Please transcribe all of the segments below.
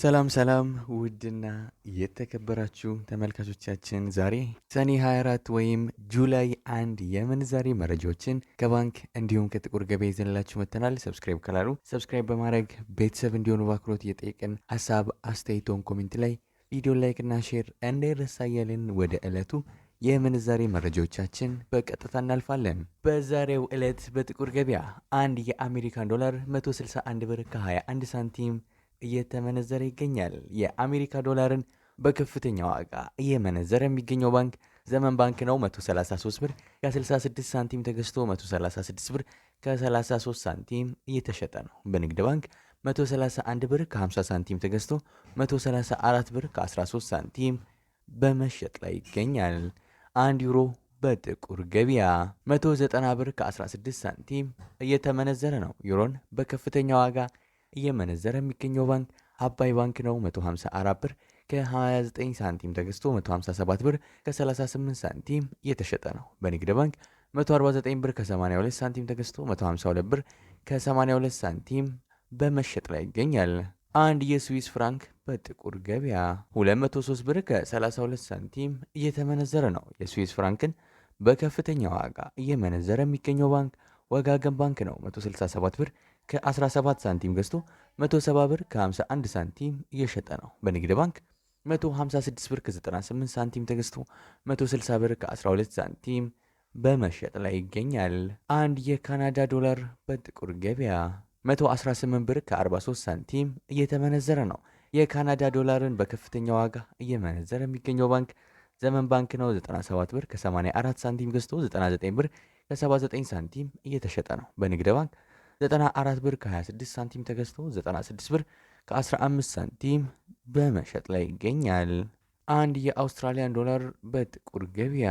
ሰላም ሰላም ውድና የተከበራችሁ ተመልካቾቻችን ዛሬ ሰኔ 24 ወይም ጁላይ አንድ የምንዛሬ መረጃዎችን ከባንክ እንዲሁም ከጥቁር ገበያ ይዘንላችሁ መጥተናል። ሰብስክራይብ ካላሉ ሰብስክራይብ በማድረግ ቤተሰብ እንዲሆኑ በአክብሮት እየጠየቅን ሀሳብ አስተያየቶን ኮሜንት ላይ ቪዲዮ ላይክና ሼር እንዳይረሳ እያልን ወደ ዕለቱ የምንዛሬ መረጃዎቻችን በቀጥታ እናልፋለን። በዛሬው ዕለት በጥቁር ገበያ አንድ የአሜሪካን ዶላር 161 ብር ከ21 ሳንቲም እየተመነዘረ ይገኛል። የአሜሪካ ዶላርን በከፍተኛ ዋጋ እየመነዘረ የሚገኘው ባንክ ዘመን ባንክ ነው። 133 ብር ከ66 ሳንቲም ተገዝቶ 136 ብር ከ33 ሳንቲም እየተሸጠ ነው። በንግድ ባንክ 131 ብር ከ50 ሳንቲም ተገዝቶ 134 ብር ከ13 ሳንቲም በመሸጥ ላይ ይገኛል። አንድ ዩሮ በጥቁር ገበያ 190 ብር ከ16 ሳንቲም እየተመነዘረ ነው። ዩሮን በከፍተኛ ዋጋ እየመነዘረ የሚገኘው ባንክ አባይ ባንክ ነው 154 ብር ከ29 ሳንቲም ተገዝቶ 157 ብር ከ38 ሳንቲም እየተሸጠ ነው። በንግድ ባንክ 149 ብር ከ82 ሳንቲም ተገዝቶ 152 ብር ከ82 ሳንቲም በመሸጥ ላይ ይገኛል። አንድ የስዊስ ፍራንክ በጥቁር ገበያ 203 ብር ከ32 ሳንቲም እየተመነዘረ ነው። የስዊስ ፍራንክን በከፍተኛ ዋጋ እየመነዘረ የሚገኘው ባንክ ወጋገን ባንክ ነው 167 ብር ከ17 ሳንቲም ገዝቶ 170 ብር ከ51 ሳንቲም እየሸጠ ነው። በንግድ ባንክ 156 ብር ከ98 ሳንቲም ተገዝቶ 160 ብር ከ12 ሳንቲም በመሸጥ ላይ ይገኛል። አንድ የካናዳ ዶላር በጥቁር ገበያ 118 ብር ከ43 ሳንቲም እየተመነዘረ ነው። የካናዳ ዶላርን በከፍተኛ ዋጋ እየመነዘረ የሚገኘው ባንክ ዘመን ባንክ ነው። 97 ብር ከ84 ሳንቲም ገዝቶ 99 ብር ከ79 ሳንቲም እየተሸጠ ነው። በንግድ ባንክ 94 ብር ከ26 ሳንቲም ተገዝቶ 96 ብር ከ15 ሳንቲም በመሸጥ ላይ ይገኛል። አንድ የአውስትራሊያን ዶላር በጥቁር ገበያ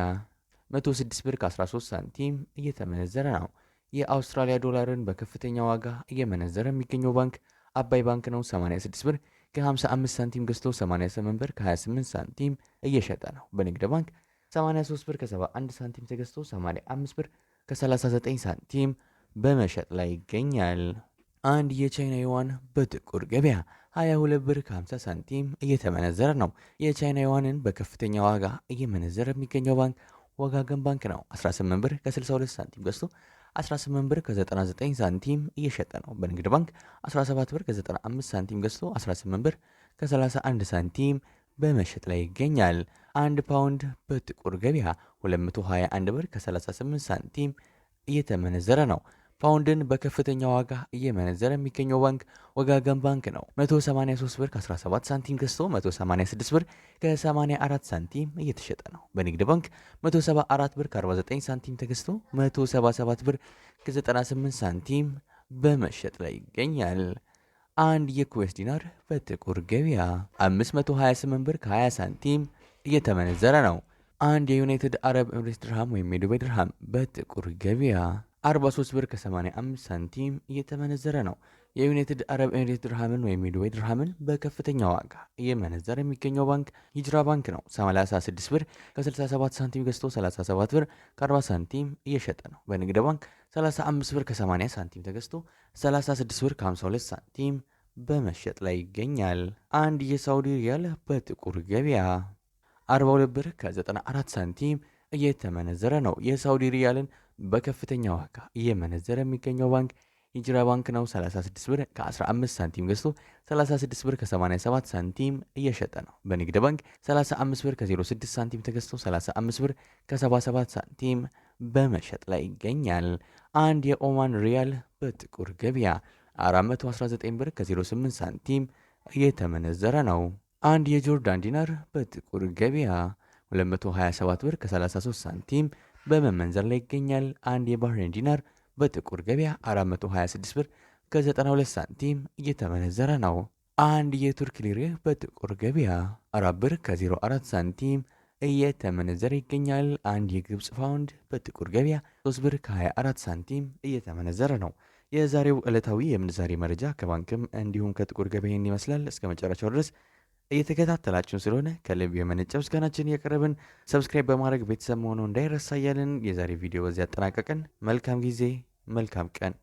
106 ብር ከ13 ሳንቲም እየተመነዘረ ነው። የአውስትራሊያ ዶላርን በከፍተኛ ዋጋ እየመነዘረ የሚገኘው ባንክ አባይ ባንክ ነው። 86 ብር ከ55 ሳንቲም ገዝቶ 88 ብር ከ28 ሳንቲም እየሸጠ ነው። በንግድ ባንክ 83 ብር ከ71 ሳንቲም ተገዝቶ 85 ብር ከ39 ሳንቲም በመሸጥ ላይ ይገኛል። አንድ የቻይና ዩዋን በጥቁር ገበያ 22 ብር ከ50 ሳንቲም እየተመነዘረ ነው። የቻይና ዩዋንን በከፍተኛ ዋጋ እየመነዘረ የሚገኘው ባንክ ወጋገን ባንክ ነው። 18 ብር ከ62 ሳንቲም ገዝቶ 18 ብር ከ99 ሳንቲም እየሸጠ ነው። በንግድ ባንክ 17 ብር ከ95 ሳንቲም ገዝቶ 18 ብር ከ31 ሳንቲም በመሸጥ ላይ ይገኛል። አንድ ፓውንድ በጥቁር ገበያ 221 ብር ከ38 ሳንቲም እየተመነዘረ ነው። ፓውንድን በከፍተኛ ዋጋ እየመነዘረ የሚገኘው ባንክ ወጋገን ባንክ ነው። 183 ብር ከ17 ሳንቲም ገዝቶ 186 ብር ከ84 ሳንቲም እየተሸጠ ነው። በንግድ ባንክ 174 ብር ከ49 ሳንቲም ተገዝቶ 177 ብር ከ98 ሳንቲም በመሸጥ ላይ ይገኛል። አንድ የኩዌስ ዲናር በጥቁር ገበያ 528 ብር ከ20 ሳንቲም እየተመነዘረ ነው። አንድ የዩናይትድ አረብ ኤምሬት ድርሃም ወይም የዱባይ ድርሃም በጥቁር ገበያ 43 ብር ከ85 ሳንቲም እየተመነዘረ ነው። የዩናይትድ አረብ ኤሚሬት ድርሃምን ወይም የዱባይ ድርሃምን በከፍተኛ ዋጋ እየመነዘረ የሚገኘው ባንክ ሂጅራ ባንክ ነው። 36 ብር ከ67 ሳንቲም ገዝቶ 37 ብር ከ40 ሳንቲም እየሸጠ ነው። በንግድ ባንክ 35 ብር ከ80 ሳንቲም ተገዝቶ 36 ብር ከ52 ሳንቲም በመሸጥ ላይ ይገኛል። አንድ የሳውዲ ሪያል በጥቁር ገበያ 42 ብር ከ94 ሳንቲም እየተመነዘረ ነው። የሳውዲ ሪያልን በከፍተኛ ዋጋ እየመነዘረ የሚገኘው ባንክ ሂጅራ ባንክ ነው። 36 ብር ከ15 ሳንቲም ገዝቶ 36 ብር ከ87 ሳንቲም እየሸጠ ነው። በንግድ ባንክ 35 ብር ከ06 ሳንቲም ተገዝቶ 35 ብር ከ77 ሳንቲም በመሸጥ ላይ ይገኛል። አንድ የኦማን ሪያል በጥቁር ገበያ 419 ብር ከ08 ሳንቲም እየተመነዘረ ነው። አንድ የጆርዳን ዲናር በጥቁር ገበያ 227 ብር ከ33 ሳንቲም በመመንዘር ላይ ይገኛል። አንድ የባህሬን ዲናር በጥቁር ገበያ 426 ብር ከ92 ሳንቲም እየተመነዘረ ነው። አንድ የቱርክ ሊሬ በጥቁር ገበያ 4 ብር ከ04 ሳንቲም እየተመነዘረ ይገኛል። አንድ የግብፅ ፓውንድ በጥቁር ገበያ 3 ብር ከ24 ሳንቲም እየተመነዘረ ነው። የዛሬው ዕለታዊ የምንዛሬ መረጃ ከባንክም እንዲሁም ከጥቁር ገበያ ይመስላል። እስከ መጨረሻው ድረስ እየተከታተላችሁን ስለሆነ ከልብ የመነጨ ምስጋናችን እያቀረብን ሰብስክራይብ በማድረግ ቤተሰብ መሆኑ እንዳይረሳ እያልን የዛሬ ቪዲዮ በዚህ አጠናቀቅን። መልካም ጊዜ፣ መልካም ቀን